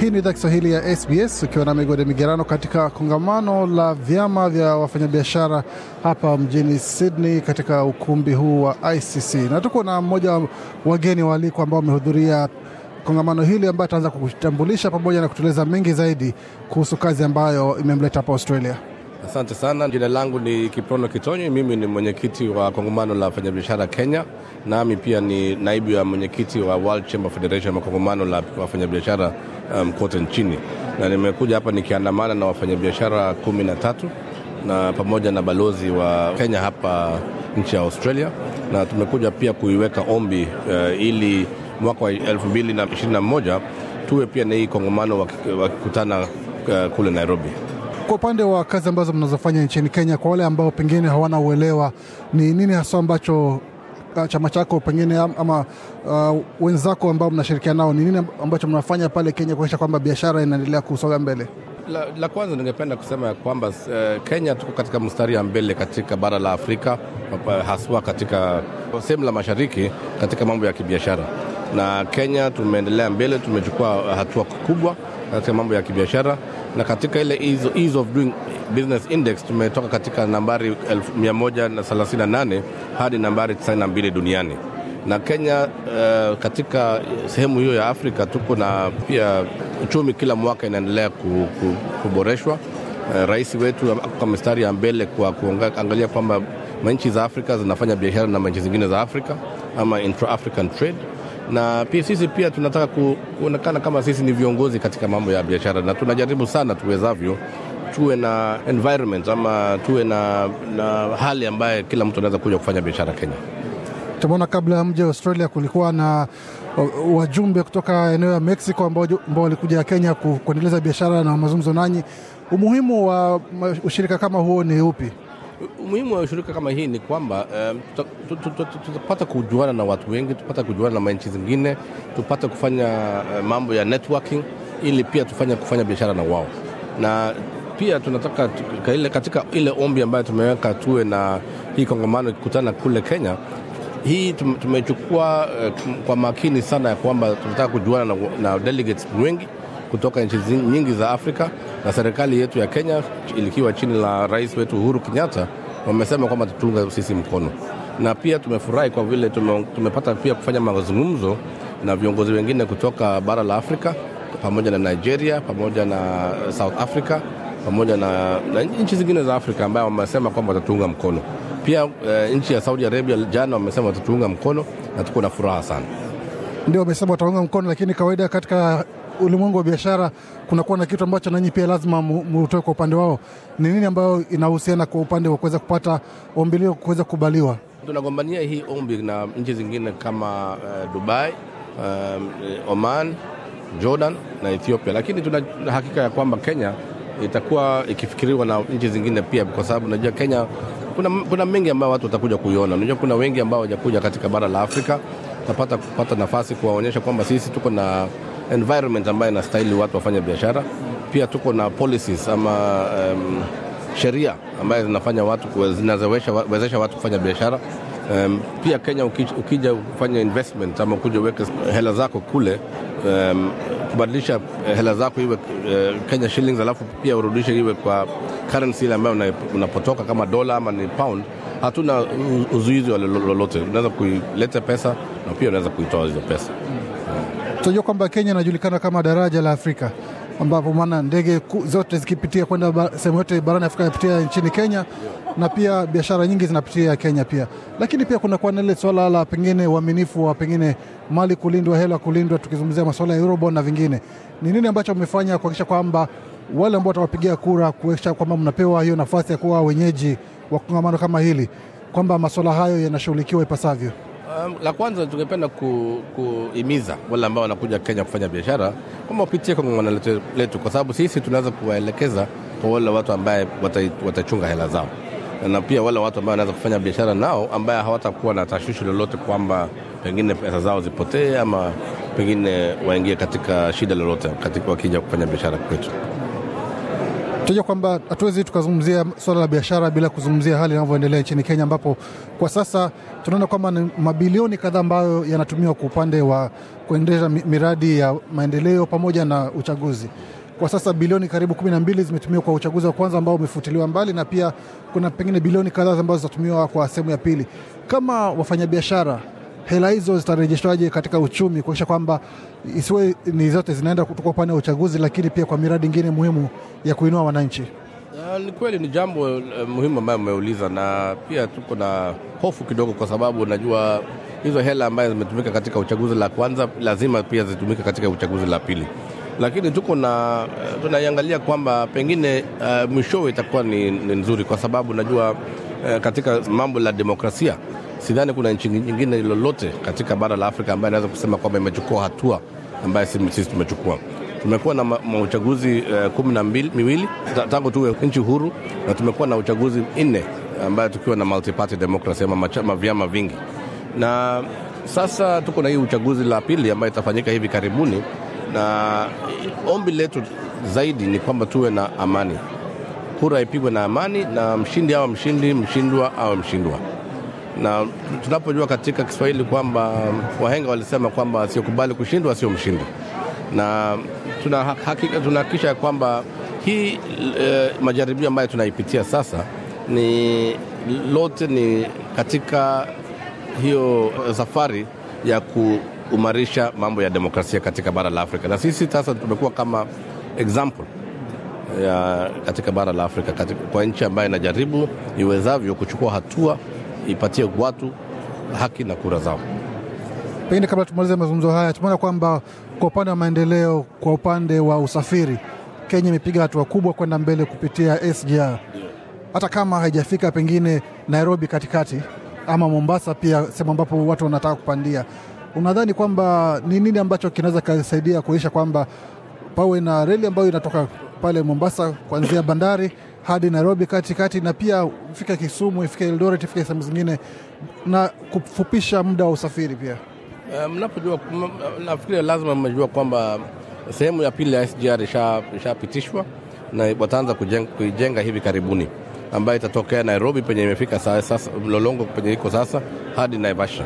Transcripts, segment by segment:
Hii ni idhaa Kiswahili ya SBS ukiwa na migode migerano katika kongamano la vyama vya wafanyabiashara hapa mjini Sydney katika ukumbi huu wa ICC, na tuko na mmoja wa wageni waalikwa ambao wamehudhuria kongamano hili ambayo ataanza kutambulisha pamoja na kutueleza mengi zaidi kuhusu kazi ambayo imemleta hapa Australia. Asante sana. Jina langu ni Kiprono Kitonyi, mimi ni mwenyekiti wa kongamano la wafanyabiashara Kenya, nami pia ni naibu ya mwenyekiti wa World Chamber Federation, la wafanyabiashara um, kote nchini, na nimekuja hapa nikiandamana na wafanyabiashara kumi na tatu na pamoja na balozi wa Kenya hapa nchi ya Australia, na tumekuja pia kuiweka ombi uh, ili mwaka wa 2021 tuwe pia na hii kongamano wakikutana uh, kule Nairobi. Kwa upande wa kazi ambazo mnazofanya nchini Kenya, kwa wale ambao pengine hawana uelewa, ni nini haswa ambacho Uh, chama chako pengine ama uh, wenzako ambao mnashirikiana nao, ni nini ambacho mnafanya pale Kenya kuhakikisha kwamba biashara inaendelea kusonga mbele? La, la kwanza ningependa kusema ya kwamba uh, Kenya tuko katika mstari ya mbele katika bara la Afrika haswa katika sehemu la mashariki katika mambo ya kibiashara, na Kenya tumeendelea mbele, tumechukua hatua kubwa katika mambo ya kibiashara na katika ile ease, ease of doing Business Index tumetoka katika nambari 138 hadi nambari 92 duniani na Kenya uh, katika sehemu hiyo ya Afrika tuko na pia uchumi kila mwaka inaendelea kuboreshwa. Uh, rais wetu kwa mistari ya mbele kwa kuangalia kwamba manchi za Afrika zinafanya biashara na manchi zingine za Afrika ama intra-African trade, na pia sisi pia tunataka kuonekana kama sisi ni viongozi katika mambo ya biashara, na tunajaribu sana tuwezavyo tuwe na environment ama tuwe na, na hali ambaye kila mtu anaweza kuja kufanya biashara Kenya. Tumeona kabla ya mji wa Australia kulikuwa na uh, wajumbe kutoka eneo ya Mexico ambao walikuja Kenya kuendeleza biashara na mazungumzo nanyi. Umuhimu wa ushirika kama huo ni upi? Umuhimu wa ushirika kama hii ni kwamba eh, tutapata kujuana na watu wengi, tupata kujuana na nchi zingine, tupate kufanya eh, mambo ya networking, ili pia tufanye kufanya biashara na wao na pia tunataka katika ile ombi ambayo tumeweka tuwe na hii kongamano ikikutana kule Kenya hii tumechukua eh, kwa makini sana ya kwamba tunataka kujuana na, na delegates wengi kutoka nchi nyingi za Afrika na serikali yetu ya Kenya ilikiwa chini la rais wetu Uhuru Kenyatta wamesema kwamba tutunga sisi mkono, na pia tumefurahi kwa vile tume, tumepata pia kufanya mazungumzo na viongozi wengine kutoka bara la Afrika pamoja na Nigeria pamoja na South Africa pamoja na, na nchi zingine za Afrika ambayo wamesema kwamba watatuunga mkono pia. E, nchi ya Saudi Arabia jana wamesema watatuunga mkono na tuko na furaha sana. Ndio wamesema wataunga mkono, lakini kawaida katika ulimwengu wa biashara kunakuwa na kitu ambacho nanyi pia lazima mutoe kwa upande wao. Ni nini ambayo inahusiana kwa upande wa kuweza kupata ombilio kuweza kukubaliwa? Tunagombania hii ombi na nchi zingine kama uh, Dubai, um, Oman, Jordan na Ethiopia, lakini tuna hakika ya kwamba Kenya itakuwa ikifikiriwa na nchi zingine pia, kwa sababu najua Kenya kuna, kuna mengi ambayo watu watakuja kuiona. unajua kuna wengi ambao wajakuja katika bara la Afrika, tapata kupata nafasi kuwaonyesha kwamba sisi tuko na environment ambayo inastahili watu wafanya biashara. Pia tuko na policies ama um, sheria ambayo zinafanya watu zinazowezesha watu kufanya biashara Um, pia Kenya ukija kufanya investment ama ukuja uweke hela zako kule um, kubadilisha eh, hela zako iwe uh, Kenya shillings, alafu pia urudishe iwe kwa currency ile ambayo unapotoka kama dola ama ni pound, hatuna uzuizi wa lolote. Unaweza kuileta pesa na pia unaweza kuitoa hizo pesa. Tunajua kwamba Kenya inajulikana kama daraja la Afrika ambapo maana ndege zote zikipitia kwenda sehemu yote barani Afrika inapitia nchini Kenya na pia biashara nyingi zinapitia Kenya pia, lakini pia kunakuwa na ile swala la pengine uaminifu wa pengine mali kulindwa, hela kulindwa, tukizungumzia masuala ya Eurobond na vingine. Ni nini ambacho mmefanya kuhakikisha kwamba wale ambao watawapigia kura kuhakikisha kwamba mnapewa hiyo nafasi ya kuwa wenyeji wa kongamano kama hili, kwamba masuala hayo yanashughulikiwa ipasavyo? Um, la kwanza tungependa kuhimiza ku wale ambao wanakuja Kenya kufanya biashara kama wapitie kongamano letu, letu kwa sababu sisi tunaweza kuwaelekeza kwa wale watu ambaye watachunga hela zao na pia wale watu ambao wanaweza kufanya biashara nao ambaye hawatakuwa na tashwishi lolote kwamba pengine pesa zao zipotee ama pengine waingie katika shida lolote katika wakija kufanya biashara kwetu. Tunajua kwamba hatuwezi tukazungumzia swala la biashara bila kuzungumzia hali inavyoendelea nchini Kenya, ambapo kwa sasa tunaona kwamba ni mabilioni kadhaa ambayo yanatumiwa kwa upande wa kuendesha miradi ya maendeleo pamoja na uchaguzi. Kwa sasa bilioni karibu kumi na mbili zimetumiwa kwa uchaguzi wa kwanza ambao umefutiliwa mbali, na pia kuna pengine bilioni kadhaa ambazo zitatumiwa kwa sehemu ya pili. Kama wafanyabiashara hela hizo zitarejeshwaje katika uchumi, kuakisha kwamba isiwe ni zote zinaenda kutoka upande wa uchaguzi, lakini pia kwa miradi ingine muhimu ya kuinua wananchi. Ni kweli ni jambo eh, muhimu ambayo umeuliza, na pia tuko na hofu kidogo, kwa sababu najua hizo hela ambazo zimetumika katika uchaguzi la kwanza lazima pia zitumike katika uchaguzi la pili, lakini tuko na eh, tunaiangalia kwamba pengine uh, mwishowe itakuwa ni, ni nzuri, kwa sababu najua uh, katika mambo la demokrasia Sidhani kuna nchi nyingine lolote katika bara la Afrika ambayo inaweza kusema kwamba imechukua hatua ambayo sisi tumechukua. Tumekuwa na uchaguzi uh, kumi na miwili tangu tuwe nchi huru, na tumekuwa na uchaguzi nne ambayo tukiwa na multiparty democracy ama vyama vingi, na sasa tuko na hii uchaguzi la pili ambayo itafanyika hivi karibuni, na ombi letu zaidi ni kwamba tuwe na amani, kura ipigwe na amani, na mshindi awe mshindi, mshindwa awe mshindwa na tunapojua katika Kiswahili kwamba wahenga walisema kwamba asiyokubali kushindwa sio mshindi, na tunahakika tunahakikisha kwamba hii e, majaribio ambayo tunaipitia sasa ni lote ni katika hiyo eh, safari ya kuumarisha mambo ya demokrasia katika bara la Afrika, na sisi sasa tumekuwa kama example ya katika bara la Afrika katika, kwa nchi ambayo inajaribu iwezavyo kuchukua hatua ipatie watu haki na kura zao. Pengine kabla tumalize mazungumzo haya, tumeona kwamba kwa upande wa maendeleo, kwa upande wa usafiri, Kenya imepiga hatua kubwa kwenda mbele kupitia SGR, hata kama haijafika pengine Nairobi katikati ama Mombasa, pia sehemu ambapo watu wanataka kupandia. Unadhani kwamba ni nini ambacho kinaweza kasaidia kuonyesha kwamba pawe na reli ambayo inatoka pale Mombasa kuanzia bandari hadi Nairobi katikati, na pia ifike Kisumu, ifike Eldoret, ifike sehemu zingine, na kufupisha muda wa usafiri pia. Eh, mnapojua um, nafikiri lazima mmejua kwamba sehemu ya pili ya SGR ishapitishwa na wataanza kuijenga hivi karibuni, ambayo itatokea Nairobi penye imefika sasa, Lolongo penye iko sasa hadi Naivasha,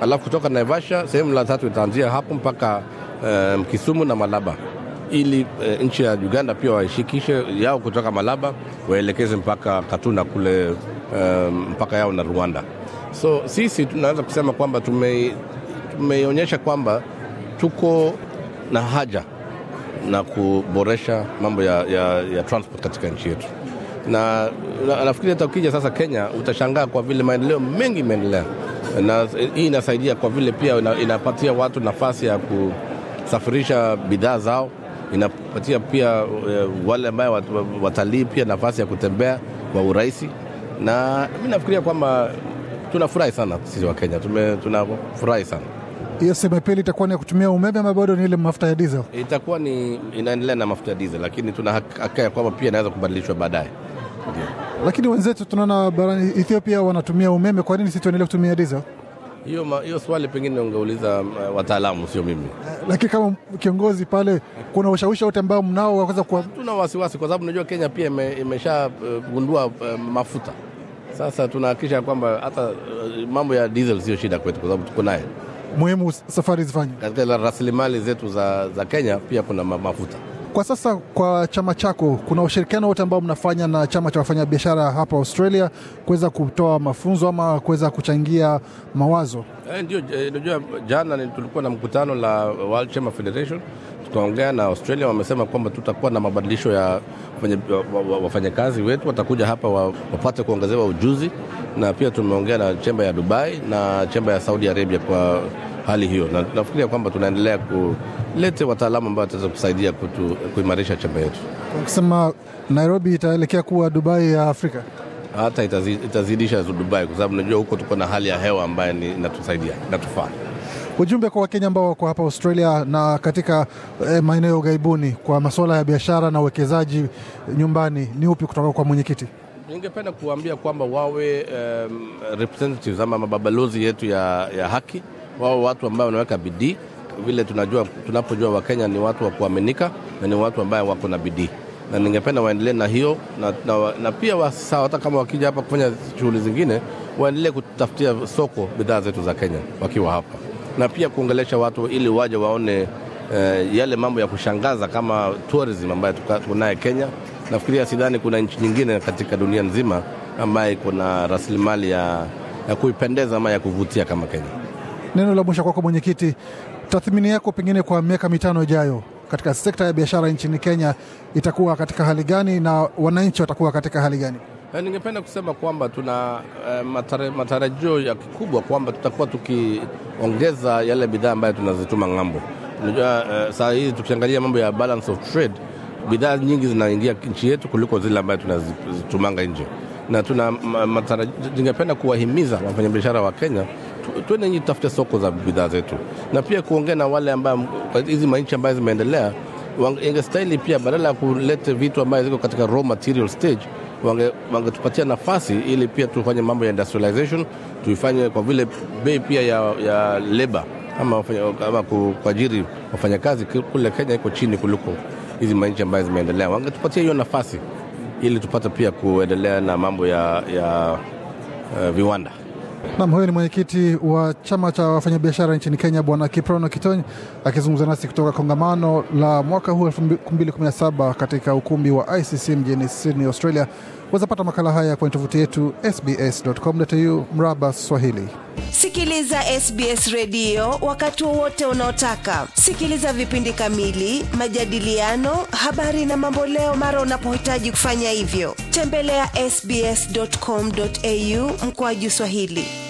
alafu kutoka Naivasha sehemu la tatu itaanzia hapo mpaka um, Kisumu na Malaba ili e, nchi ya Uganda pia waishikishe yao kutoka Malaba waelekeze mpaka Katuna kule e, mpaka yao na Rwanda. So sisi tunaweza kusema kwamba tume, tumeonyesha kwamba tuko na haja na kuboresha mambo ya, ya, ya transport katika nchi yetu na nafikiri hata ukija sasa Kenya utashangaa kwa vile maendeleo mengi imeendelea, na hii inasaidia kwa vile pia inapatia watu nafasi ya kusafirisha bidhaa zao inapatia pia eh, wale ambayo watalii pia nafasi ya kutembea kwa urahisi, na mi nafikiria kwamba tunafurahi sana sisi wa Kenya, tunafurahi sana hiyo. pili itakuwa ni ya kutumia umeme ama bado ni ile mafuta ya diesel? Itakuwa ni inaendelea na mafuta ya diesel, lakini tuna hakika ya kwamba pia inaweza kubadilishwa baadaye. Lakini wenzetu tunaona barani Ethiopia wanatumia umeme, kwa nini sisi tuendelee kutumia diesel? Hiyo hiyo swali pengine ungeuliza uh, wataalamu, sio mimi. Lakini kama kiongozi pale, kuna ushawishi wote ambao mnao waweza kuwa... tuna wasiwasi kwa sababu unajua Kenya pia imeshagundua ime uh, mafuta sasa tunahakikisha kwamba hata mambo ya diesel sio shida kwetu, kwa sababu tuko naye. Muhimu safari zifanye katika rasilimali zetu za, za Kenya, pia kuna mafuta. Kwa sasa kwa chama chako, kuna ushirikiano wote ambao mnafanya na chama cha wafanyabiashara hapa Australia kuweza kutoa mafunzo ama kuweza kuchangia mawazo? Eh, ndio. Eh, unajua, jana tulikuwa na mkutano la World Chamber Federation tukaongea na Australia, wamesema kwamba tutakuwa na mabadilisho ya wafanyakazi wetu, watakuja hapa wapate kuongezewa ujuzi, na pia tumeongea na chemba ya Dubai na chemba ya Saudi Arabia kwa hali hiyo, na tunafikiria kwamba tunaendelea kulete wataalamu ambao wataweza kusaidia kutu, kuimarisha chembe yetu. Ukisema Nairobi itaelekea kuwa Dubai ya Afrika, hata itazidisha Dubai, kwa sababu najua huko tuko na hali ya hewa ambayo inatusaidia inatufaa. Ujumbe kwa Wakenya ambao wako hapa Australia na katika eh, maeneo ya ughaibuni kwa masuala ya biashara na uwekezaji nyumbani ni upi kutoka kwa mwenyekiti? Ningependa kuwaambia kwamba wawe um, representatives ama mabalozi yetu ya, ya haki wao watu ambao wanaweka bidii vile tunajua, tunapojua Wakenya ni watu wa kuaminika na ni watu ambao wako na bidii, na ningependa waendelee na hiyo na, na, na pia wasaa hata kama wakija hapa kufanya shughuli zingine waendelee kutafutia soko bidhaa zetu za Kenya wakiwa hapa, na pia kuongelesha watu ili waje waone eh, yale mambo ya kushangaza kama tourism ambayo tunaye Kenya. Nafikiria, sidhani kuna nchi nyingine katika dunia nzima ambayo iko na rasilimali ya, ya kuipendeza ama ya kuvutia kama Kenya. Neno la mwisho kwako, mwenyekiti, tathmini yako pengine kwa miaka mitano ijayo katika sekta ya biashara nchini Kenya itakuwa katika hali gani na wananchi watakuwa katika hali gani? Eh, ningependa kusema kwamba tuna eh, matarajio ya kikubwa kwamba tutakuwa tukiongeza yale bidhaa ambayo tunazituma ng'ambo. Unajua eh, saa hizi tukiangalia mambo ya balance of trade, bidhaa nyingi zinaingia nchi yetu kuliko zile ambayo tunazitumanga nje, na tuna ningependa kuwahimiza wafanyabiashara wa Kenya tuende nyi tutafute soko za bidhaa zetu, na pia kuongea na wale ambao hizi manchi ambayo zimeendelea ingestahili pia, badala ya kulete vitu ambayo ziko katika raw material stage, wangetupatia wange nafasi ili pia tufanye mambo ya industrialization, tuifanye kwa vile bei pia ya, ya leba ama, ama kuajiri wafanyakazi kule Kenya iko chini kuliko hizi manchi ambayo zimeendelea. Wangetupatia hiyo nafasi ili tupate pia kuendelea na mambo ya, ya uh, viwanda. Nam, huyo ni mwenyekiti wa chama cha wafanyabiashara nchini Kenya, Bwana Kiprono Kitony akizungumza nasi kutoka kongamano la mwaka huu 2017 katika ukumbi wa ICC mjini Sydney, Australia, Wazapata makala haya kwenye tovuti yetu sbs.com.au mraba Swahili. Sikiliza SBS redio wakati wowote unaotaka. Sikiliza vipindi kamili, majadiliano, habari na mamboleo mara unapohitaji kufanya hivyo. Tembelea ya sbs.com.au mkoaju Swahili.